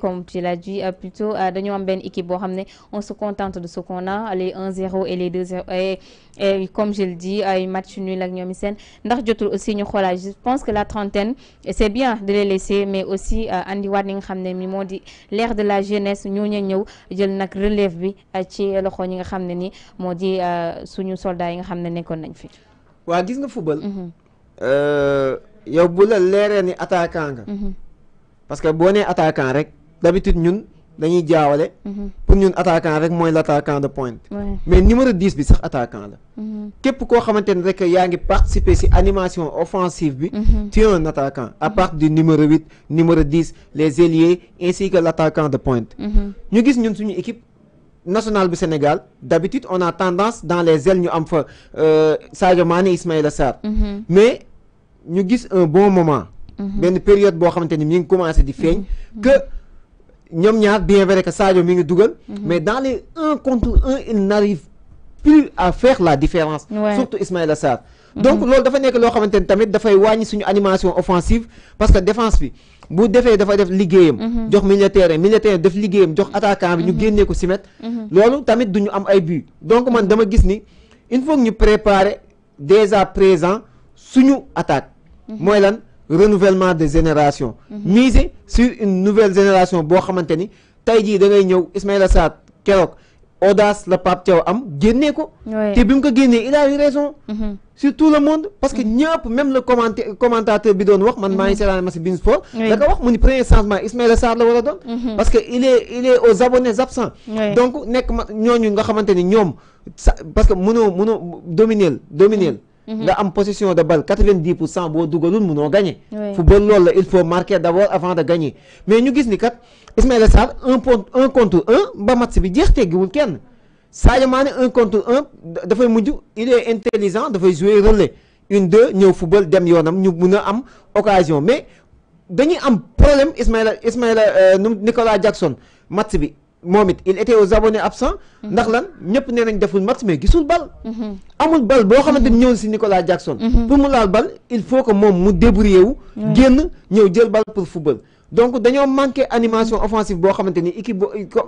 comme tu l'as dit euh, plutôt tôt euh, dañoo am ben équipe on se contente de ce qu'on a les 1-0 et les 2-0 et, comme je le dis un match nul ak ñoom seen aussi ñu je pense que la trentaine c'est bien de les laisser mais aussi euh, Andy Warning, nga xam dit l'ère de la jeunesse ñooñu ñëw jël nag relève bi ci loxo ñi nga xam ni moo dit suñu soldats yi nga xam ne nekkoon nañ fi. waaw gis nga football. Mhm. yow bu la ni attaquant nga. Mhm parce que on est attaquant rek d'habitude ñun dañuy jaawale. Mhm. pour ñun attaquant rek moy l'attaquant de pointe. mais numéro 10 bi sax attaquant la. Mhm. képp ko xamante rek yaa participer animation offensive bi. Mhm. tu es un attaquant à part du numéro 8 numéro 10 les ailiers ainsi que l'attaquant de pointe. Nous, gis ñun suñu équipe nationale du Sénégal d'habitude on a tendance dans les ailes ñu am fa euh, Sadio Mané Ismaïla Sarr. mais ñu gis un bon moment ben période bo xamanteni mi ngi commencé di feeñ. Mhm. que ñom ñaar bien vrai que Sadio mi ngi duggal mhm. mais dans les 1 contre 1 il n'arrive plus à faire la différence. surtout Ismaïla Sarr. donc lool dafa nek lo xamanteni tamit da fay wañi suñu animation offensive parce que défense bi bu defee dafa def liggéeyam. jox milieu terrain milieu terrain def liggéeyam jox attaquant bi ñu génnee ko si mètre. loolu tamit duñu am ay but donc man dama gis ni il faut que ñu préparer dès à présent suñu attaque. moy lan renouvellement des générations. Mhm. misé sur une nouvelle génération boo xamante ni tey jii da ngay Ismaïla Sarr keroog audace le Pape Thiaw am génnee ko. ko il a eu raison. Mhm. sur tout le monde parce que mhm. ñëpp même le commentateur bi doon wax man maa ngi seetaan ma si D'accord, Sport. da ko wax mu premier changement Ismaïla Sarr la war a parce que il est il est aux abonnés absents. donc nekk ma ñooñu nga xamante ni parce que mënoo mënoo dominer dominer. Mhm. nga am possession de balle 90% bo pour cent dugalul mënoo football loolu la il faut marquer d'abord avant de gagner mais ñu gis ni kat ismaël sall un point un contre un ba match bi jeex teggiwul kenn Sadio Mané un contre un fay muju il est intelligent fay jouer relais une deux ñeu football dem yonam ñu mëna am occasion mais dañuy am problème ismaël euh, Nicolas Jackson match bi moom il était aux abonnés absents mhm. ndax lan ñëpp nee nañ deful match mais gisul bal mhm. amul bal boo mhm. xamante ni de si Nicolas Jackson pour mu laal ball il faut que moom mu débrouiller wu génn ñëw jël balle pour le football donc dañoo manqué animation offensive boo xamante ni équipe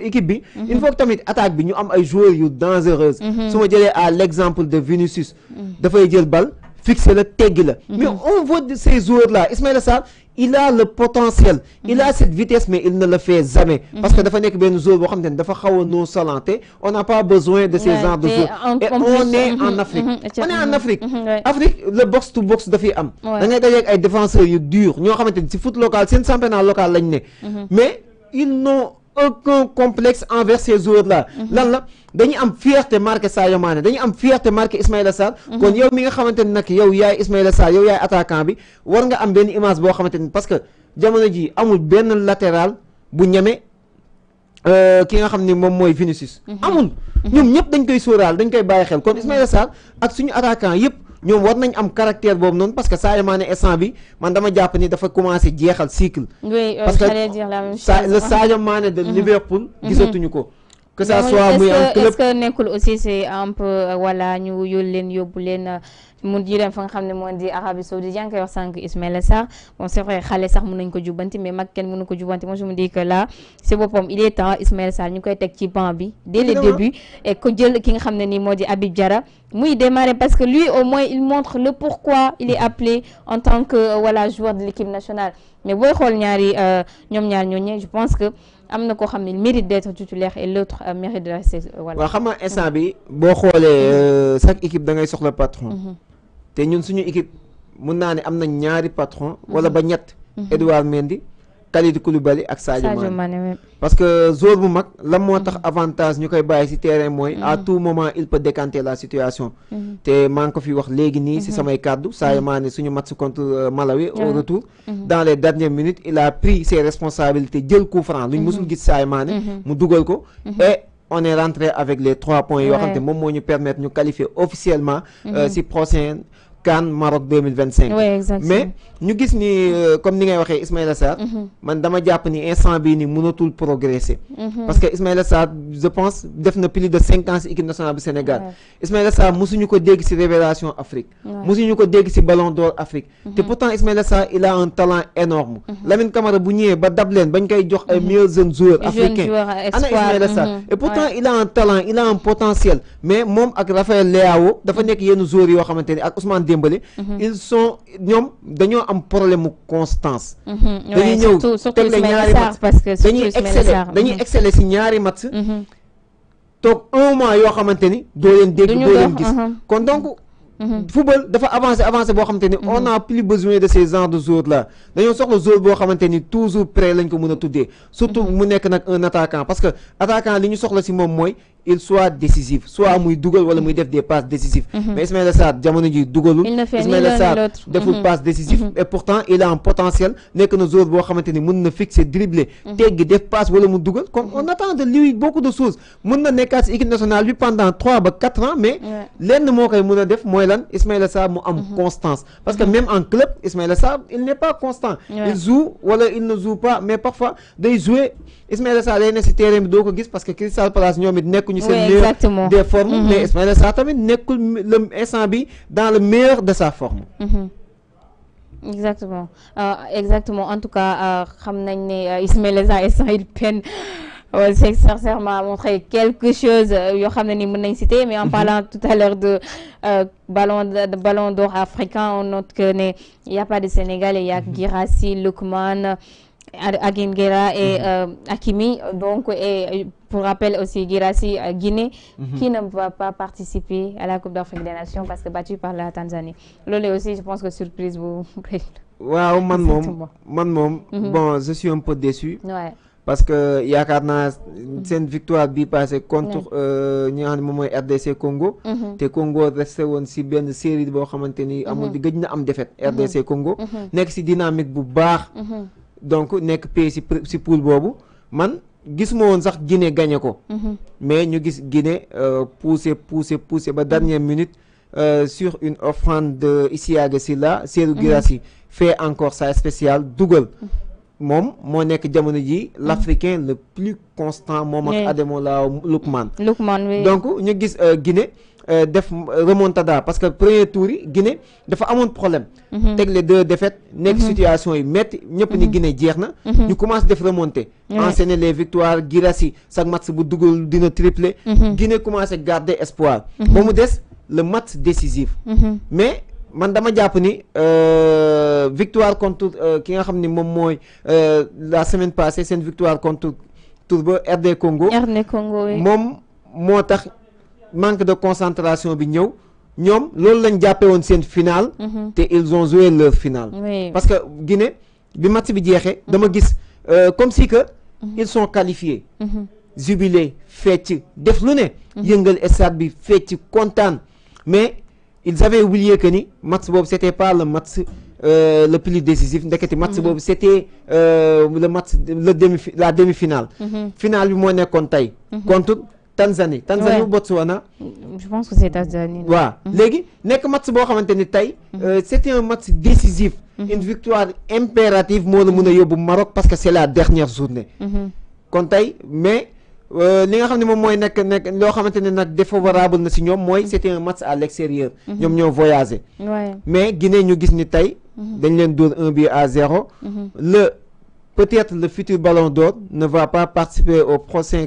équipe bi il faut que tamit attaque bi ñu am ay joueurs dangereux dangereuse su ma l'exemple de Vinicius il de Vinicius dafay jël ball fixer le tegle la mhm. mais on voit de ces joueurs là Ismaël Sarr il a le potentiel il a mhm. cette vitesse mais il ne le fait jamais mhm. parce que dafa nekk benn joueur xam dafa on n'a pas besoin de ces gens de joueurs et on est en Afrique on est en Afrique Afrique le box to box de am da ngay dajeeg ay défenseurs durs. dur ñoo xamante foot local seen championnat local lañ mais ils n'ont aucun complexe envers ces joueurs là lan la dañu am fierté marqué Sadio Mané dañu am fierté marqué Ismaïla Sarr kon yow mi nga xamanteni nak yow yaay Ismaïla Sarr yow yaay attaquant bi war nga am ben image bo xamanteni parce que jamono ji amul ben latéral bu ñeme ki nga xamni mom moy mooy Vinicius amul ñom ñep dañ koy soral dañ koy baye xel kon Ismaïla Sarr ak suñu attaquant yep ñom war nañ am caractère bobu non parce que Sadio Mané instant bi man dama jàpp ni dafa commencé jéxal cycle oui parce que le Sadio Mané de Liverpool gisatuñu ko que ça soit muy en club est-ce que nekkul aussi c'est un peu euh, voilà ñu yóbbu leen yóbbu leen euh, mu ñu dem fa nga xam ne di Arabie Saoudite yaa koy wax sank ismaël Sarr bon c'est vrai xalé sax mën nañ ko jubanti mais mak ken mënu ko jubanti moi je me dis que là c'est bopom il est temps ismaël Sarr ñu koy teg ci banc bi dès le début et ko jël ki nga xam ni modi moo di Habib Diarra il démarrer parce que lui, au moins, il montre le pourquoi il est appelé en tant que euh, voilà, joueur de l'équipe nationale. Mais euh, ñe je pense que amna ko xamni mérite d'être titulaire et l'autre euh, mérite de rester voilà wa xama instant bi bo xolé mhm. chaque équipe da ngay soxla patron mhm. té ñun suñu équipe mën na né amna ñaari patron wala mhm. ba ñett Edouard Mendy Kalidou Koulibaly ak Sadio parce que joueur bu mag lam moo avantage ñukay koy ci terrain moy à mhm. tout moment il peut décanter la situation mhm. té man ko fi wax légui ni ci mhm. samay cadeau Sadio suñu match contre euh, Malawi au retour dans les dernières minutes il a pris ses responsabilités jël coup franc luñ mësul gis Sadio mu duggal ko et on est rentré avec les trois points yo xam mom mo ñu permettre ñu qualifier officiellement euh, ci prochaine CAN Maroc 2025. mais nous gis ni euh, comme ni ngay waxé Ismaïla Sarr. Mhm. man dama japp ni instant bi ni mënatul progresser. Mhm. parce que Ismaïla Sarr je pense def na plus de 5 ans équipe nationale du Sénégal. Ismaïla Sarr mosuñu ko dégg ci Révélation Afrique. mosuñu ko dégg ci Ballon d'Or Afrique. Mhm. Et pourtant Ismaïla Sarr il a un talent énorme la Camara bu ñëwee ba dab leen bañ koy jox ay meilleurs jeunes joueurs africains. ana et pourtant il a un talent il a un potentiel mais mon ak Rafael Leao dafa nek yenn joueurs yo xamanteni ak Ousmane Dembélé mhm. ils sont ñom dañoo am problème constance mhm. dañuy ñëw teg la ñaari match dañuy exceller dañuy mhm. exceller si ñaari match tok un mois yo xamanteni ni leen dégg doo leen gis kon donc football dafa avancer avancer bo xamanteni on a plus besoin de ces genres de joueurs là dañu soxla joueur bo xamanteni toujours prêt lañ ko mëna a surtout mu nekk nak un attaquant parce que attaquant liñu ñu soxla si mom moy il soit décisif soit mm-hmm. muy dougal wala muy def des passes décisives mm-hmm. mais Ismaël Assad jamono ji fait ismaël Sarr deful mm-hmm. passe décisif et pourtant il a un potentiel nek na joueur bo xamanteni mën na fixer dribbler teggi def passe wala mu dougal comme on attend de lui beaucoup de choses mën na nekkaat si équipe nationale lui pendant 3 ba 4 ans mais lenn moo koy mën def moy lan ismaël Sarr mu am constance parce que même en club Ismaël Assad, il n'est pas constant il joue wala il ne joue pas mais parfois day jouer Ismaël Assad, day ne ci terrain bi do ko gis parce que Crystal Palace ñomit né nekk nekkuñu exactement. des formes mm-hmm. mais Ismaïla Sarr tamit nekkul le instant bi dans le meilleur de sa forme mm-hmm. exactement euh, exactement en tout cas euh, xam nañ ismaël euh, Ismaïla Sarr il peine c'est sincèrement montré quelque chose yoo xam ni mais en mm-hmm. parlant tout à l'heure de ballon de ballon d'or africain on note que il y a pas de Sénégal il y a Guirassy Lookman à et mhm. euh, Akimi. Donc, et pour rappel aussi, Girassi, euh, Guinée, mhm. qui ne va pas participer à la Coupe d'Afrique des Nations parce que battue par la Tanzanie. Lolé aussi, je pense que surprise, vous. Waouh, man, mom, man mom, mhm. bon, je suis un peu déçu. parce que Yakarna, a une victoire qui passé contre euh, ñi nga xam ne RDC Congo. le Congo resté aussi si série de bons ni. amul gëj am défaite RDC Congo. c'est si dynamique bu baax donc nek pays si si poule man gisuma woon sax Guinée gagné ko. Mhm. mais ñu gis Guinée euh, poussé poussé poussé ba dernière mhm. minute euh, sur une offrande de Isiaga Silla qui mhm. Guirassy fait encore sa spéciale dougal mom, mon nek jamono ji l'africain le plus constant mom ak Ademola Lookman. Lookman oui donc ñu gis euh, Guinée. Euh, def euh, remontada parce que premier tour Guinée dafa amone problème. Mhm. tek les deux défaites. nekk mhm. situation yi nous ñep ni mhm. Guinée jeex ñu commence def remonter. enchaîner les victoires Girassi chaque match bu dugul dina tripler Guinée commence à garder espoir. bon mu le match décisif. mais man dama japp ni euh, victoire contre qui a xamni mon moy la semaine passée c'est une victoire contre tout RD Congo. RD Congo manque de concentration bi ñew ñom loolu lañ jàppee woon seen final. Mhm. té ils ont joué leur final. parce que Guinée bi match bi jeexee. Mhm. dama gis euh, comme si que. Mhm. ils sont qualifiés. jubilé fait def lu ne. yëngël stade bi fecc content mais ils avaient oublié que ni match bob c'était pas le match euh, le plus décisif ndekete match bob c'était euh, le match le demi la demi finale. finale bi moo nekkoon tey. contre. Tanzanie Tanzanie ou Botswana je pense que c'est Tanzanie Ouais. Mhm. Légit. nekk match bo xamante tay, mhm. euh, c'était un match décisif mhm. une victoire impérative mo le mun yobou Maroc parce que c'est la dernière journée kon tay, mais euh, li nga xamni mom moy nek nekk nekk loo défavorable na signaux. ñom moy c'était un match à l'extérieur Nous ñoo Ouais. mais Guinée ñu gis ni tay dañ leen un but à zéro le peut-être le futur ballon d'or ne va pas participer au prochain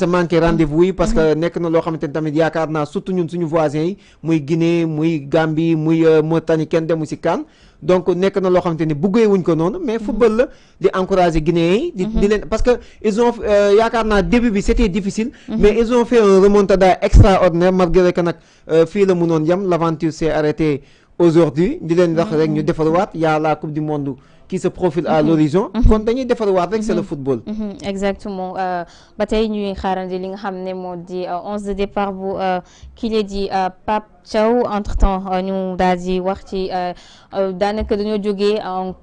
commencé manqué rendez-vous parce que nek na lo xamante ni tamit yaakaar naa surtout ñun suñu voisins yi Guinée muy Gambie muy euh, Mauritanie kenn demu si kan donc nek na loo xamante ni buggee wuñ ko noonu mais football la di encourager Guinée, di di leen parce que ils ont euh, yaakaar naa début bi c'était difficile mais ils ont fait un remontada extraordinaire malgré que nag euh, fii la mënoon yem l'aventure s'est arrêtée aujourd'hui di leen wax rek ñu defarwaat y a la coupe du monde qui se profile à mhm. l'horizon mhm. kon dañuy defarwaat rek c'est le mhm. football exactement euh, Bataille tey ñuy xaarandi li nga xam modi 11 euh, de départ bu qui euh, la dit Pape Thiaw entre temps nous daal di wax ci daanaka dañoo jógee en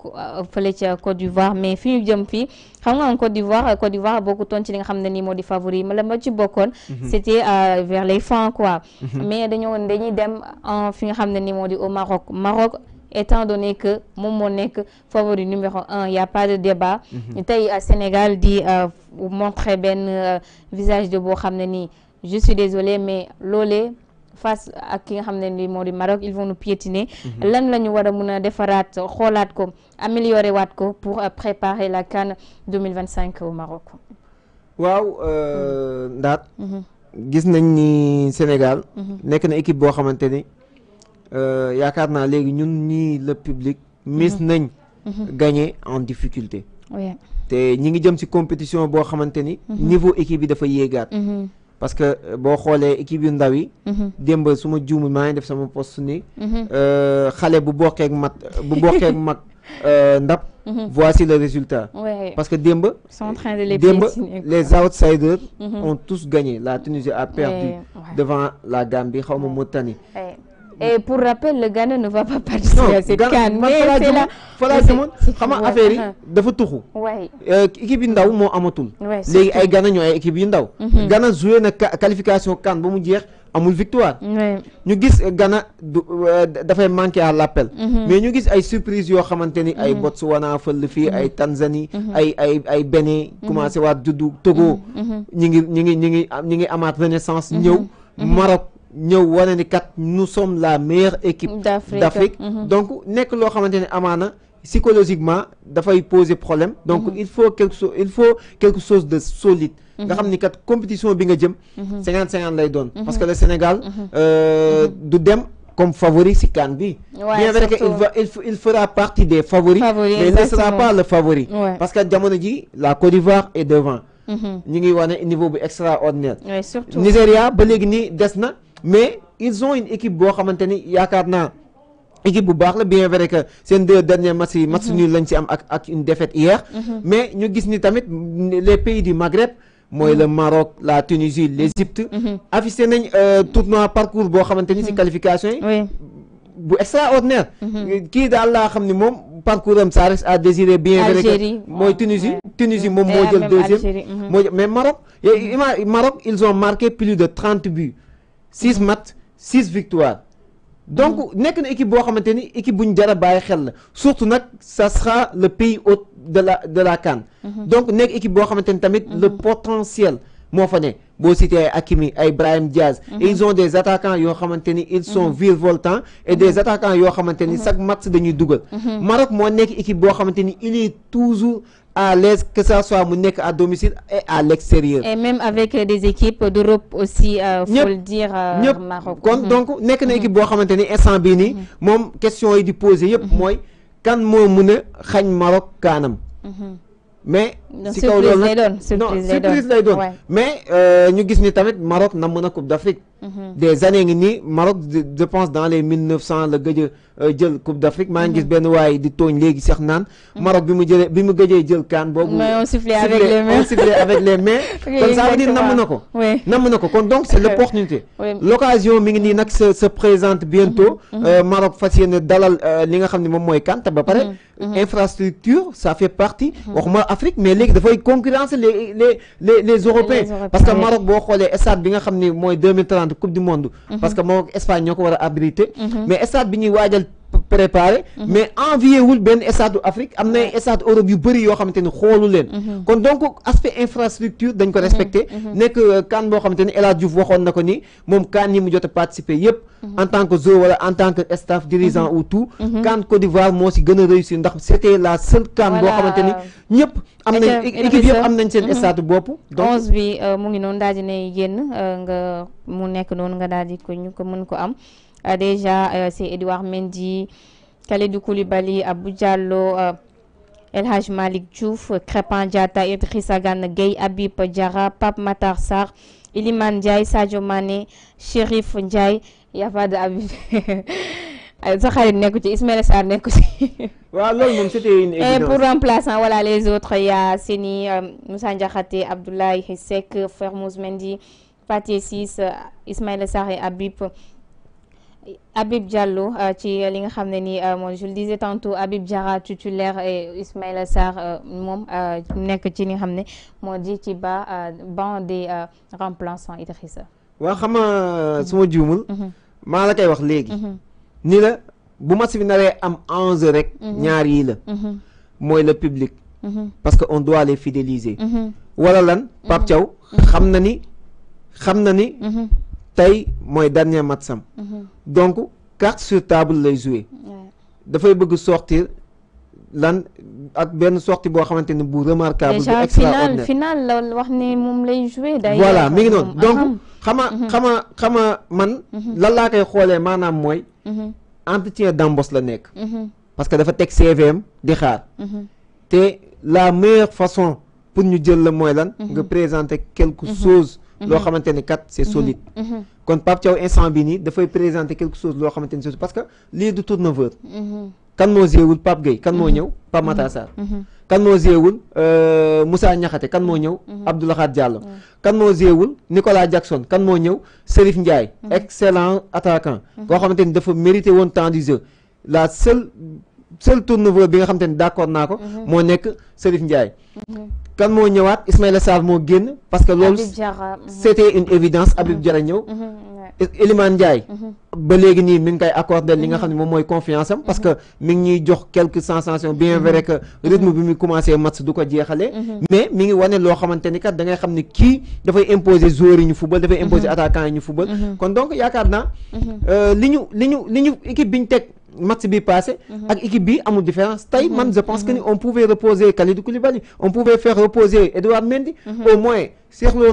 fële ca Côte d'Ivoire mais fi ñu jëm xam nga en Côte d'Ivoire Côte d'Ivoire beaucoup ci li nga xam ne nii favoris. favori mais la match beaucoup, c'était vers les fins quoi mais dañoo dañuy dem en fi nga xam ne modi au Maroc Maroc étant donné que mon moo favori numéro un n'y a pas de débat. au mhm. euh, Sénégal di euh, montré benn euh, visage de boo xam je suis désolé mais l'olé face à ki nga xam ne Maroc ils vont nous piétiner. Mhm. lan la ñu war a faire a améliorer watko ko pour préparer la CAN 2025 au Maroc. waaw mhm. Ndaat. gis nañ ni Sénégal. nek na équipe bo xamante ni. Euh, yaakaar naa léegi ñun ni le public mis mhm. nañ mhm. gagné en difficulté te ñi ngi jëm ci compétition bo xamanteni mhm. niveau équipe bi dafa yéegaat parce que euh, bo xolé équipe yu ndaw yi suma su ma ngi def sama poste ni euh, xalé bu ak mat bu mak euh ndap voici le résultat parce que train de les outsiders ont tous gagné la Tunisie a perdu devant la Gambie xawma mo tani et pour rappel, le Ghana ne va pas participer à cette canne. Mais c'est là. xam nga affaire yi dafa tuxu. Waay. Euh, équipe yi ndaw moo amatul. Mhm. Ghana ñoo équipe Ghana na qualification CAN ba mu jeex amul victoire. ñu gis Ghana euh, dafay manquer à l'appel. Mhm. mais ñu gis ay surprise yoo xamante ni ay mhm. Botswana le ay Tanzanie. ay ay ay Bénin. commencé waat juddu Togo. ñi ngi ñi ñi ñi Maroc ni nous sommes la meilleure équipe d'Afrique mm-hmm. donc nek lo xamante amana psychologiquement da fay poser problème donc mm-hmm. il faut quelque chose il faut quelque chose de solide nga xamni mm-hmm. kat compétition bi nga jëm 50 50 lay donne parce que le Sénégal euh, du dem comme favori si Kane bi. bien vrai que il va il fera partie des favoris. mais ne sera pas le favori. parce que jamono ji la Côte d'Ivoire est devant. ñu ngi un niveau bu extraordinaire. Nigeria, ba légui ni des na mais ils ont une équipe bo xamanteni yakarna équipe bu baax la bien vrai que seen deux derniers matchs match nul lañ ci am ak une défaite hier mhm. mais ñu gis ni tamit les pays du Maghreb moy le mhm. Maroc la Tunisie l'Égypte mhm. affiché nañ euh, tournoi parcours bo xamanteni ci qualification yi bu extraordinaire ki daal laa xamni mom moom parcours am ça à désirer bien vrai que Tunisie Tunisie mom mo jël deuxième mais Maroc Maroc ils ont marqué plus de 30 buts 6 matchs 6 victoires. donc mm. nekk une équipe qui xamante ni équipe qui ñu jar a xel surtout que ça sera le pays hôte de la de la CAN. Mm-hmm. donc une équipe qui xamante ni tamit le mm-hmm. potentiel moo fa ne boo cité ay Hakimi ay Brahim Diaz. Mm-hmm. ils ont des attaquants yoo xamante ils sont virevoltants et des attaquants yoo xamante chaque match dañuy dugal. Maroc moo nekk équipe boo xamante ni il est toujours à l'aise, que ce soit à domicile et à l'extérieur. Et même avec euh, des équipes d'Europe aussi, euh, faut le dire, euh, Maroc. Mhm. Donc, est sans Mon question est de poser, mhm. moi, quand Maroc, mhm. Mais si non surprise mais euh, ñu gis ni tamit Maroc na mën coupe d'Afrique mhm. des années ni Maroc dépense pense dans les 1900 le cent la euh, coupe d'Afrique maa ngi gis mhm. benn waay di tooñ léegi sax naan mhm. Maroc bi mu jëlee bi mu gëjee jël kaan boobu on sifflait avec les mains on sifflait avec les mains comme ça veut dire namm na donc c'est l'opportunité l'occasion mi ngi se se présente bientôt euh, Maroc fas dalal li nga xam ne moom mooy ba infrastructure ça fait partie waxuma Afrique mais léegi dafay concurrencer les les les les européens parce que Maroc bo xoolee stade bi nga xamni moy 2030 coupe du monde mhm. parce que Maroc Espagne ñoko wara a abriter mhm. mais stade bi ñi wajal préparé mhm. mais envier wul ben état d'afrique am état d'europe yu beuri yo xamanteni ni xoolu leen mhm. kon donc aspect infrastructure dañ ko mhm. respecter nek kan euh, bo xamanteni ni El Hadj Diouf waxoon na ni mom kan ni mu jot participer yëpp en tant que joueur wala en tant que staff dirigeant ou tout kan Côte d'Ivoire moo si gëna réussir ndax c'était la seule kan bo xamanteni ni ñëpp équipe yëpp amnañ nañ seen stade bopp donc 11 bi euh, mu ngi non daal di nay euh, nga mu nek non nga daal ko ñu ko mën ko am euh, déjà, euh, c'est Edouard Mendy, Khalidou Koulibaly, Abou Diallo, euh, El Haj Malik Diouf, Crépin Diata, Idrissa Gan, Gueye, Habib Djara, Pape Matar Sar, Iliman Ndiaye, Sadio Mané, Cherif Ndiaye, Yafad Abib. sa Sarr c'était une et pour remplacer, voilà les autres y a Sini, Moussa Ndiakhaté Abdoulaye Hessek, Fermouz Mendy Fatih Ismaël Sarr et Habib Diallo euh, ci euh, li nga xam ni euh, moom je le disais tantôt Habib Diarra titulaire et Ismaïla Sarr moom nekk ci li nga xam ne moo di ci ba banc des remplaçants Idrissa waaw xam nga su ma juumul mhm. Mhm. maa la koy wax léegi mhm. ni la bu match bi naree am enjeu rek ñaar yii la mooy le public parce que on doit les fidéliser wala lan Pape Thiaw xam na ni xam ni tay moy dernier match mhm. donc carte sur table lay jouer fay bëgg sortir lan ak ben sortie boire xamanteni bu remarquable bu final final la wax ni mom lay jouer d'ailleurs voilà mi ngi donc xama mhm. xama xama man mhm. lan la kay xolé manam moy entretien d'embauche la nek parce que dafa tek CVM di xaar té la meilleure façon pour ñu jël le moy lan nga présenter quelque chose lo mhm. xamanteni kat c'est est mhm. solide mhm. kon Pape Thiaw instant bi da fay présenter quelque chose lo xamanteni ne c'est parce que lii du tourneveur kan mo géewul Pape gay, kan mo ñew Pape matassa kan mo moo euh Moussa Niakhate kan mo ñew Abdou Diallo kan mo Nicolas Jackson kan mo ñew Serif Ndiaye excellent attaquant koo xamanteni da fa mériter won temps du jeu la seule seul tourneveu bi nga xam te ne d'accord naa ko mhm. moo nekk Serif Ndiaye mhm. kan moo ñëwaat Ismaïla Sarr moo génn parce que loolu mhm. c'était une évidence Habib Diarra ñëw Elimane Ndiaye ba léegi nii mi ngi koy accordé li nga xam ne moom mooy confiance parce que mi ngi jox quelques sensations bien vrai que rythme bi mu commencé match du ko jeexalee mais mi ngi wane loo xamante ni kat da ngay xam ne kii dafay imposer joueurs ñu football dafay imposer attaquants ñu match bi passé mhm. ak équipe bi amul différence tay mhm. man je pense que mhm. on pouvait reposer Kalidou Koulibaly on pouvait faire reposer Edouard Mendy au moins Cheikh Lo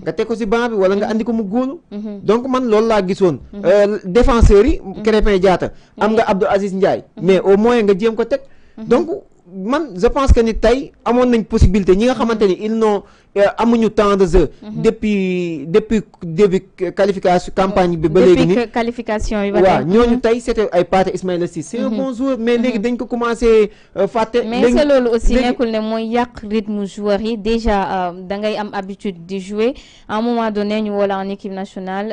nga tek ko ci banc bi wala nga andi ko mu góolu donc man loolu laa gisoon euh, défenseur yi crépin diata am nga Abdou Aziz Ndiaye mais au moins nga djem ko tek donc man je pense que ni tay amoon nañ possibilité ñi nga xamanteni ils n'ont euh, amuñu temps de jeu. Mhm. depuis depuis début qualification campagne bi ba depuis qualification yi ba léegi waaw ñooñu mhm. c'était ay Pathé Ismaïla si c'est un bon joueur mais mhm. légui dañ ko commencé euh, faté mais c'est lolu aussi nekul né moy yaq rythme joueur yi déjà euh, da ngay am habitude de jouer à un moment donné ñu wala en équipe nationale.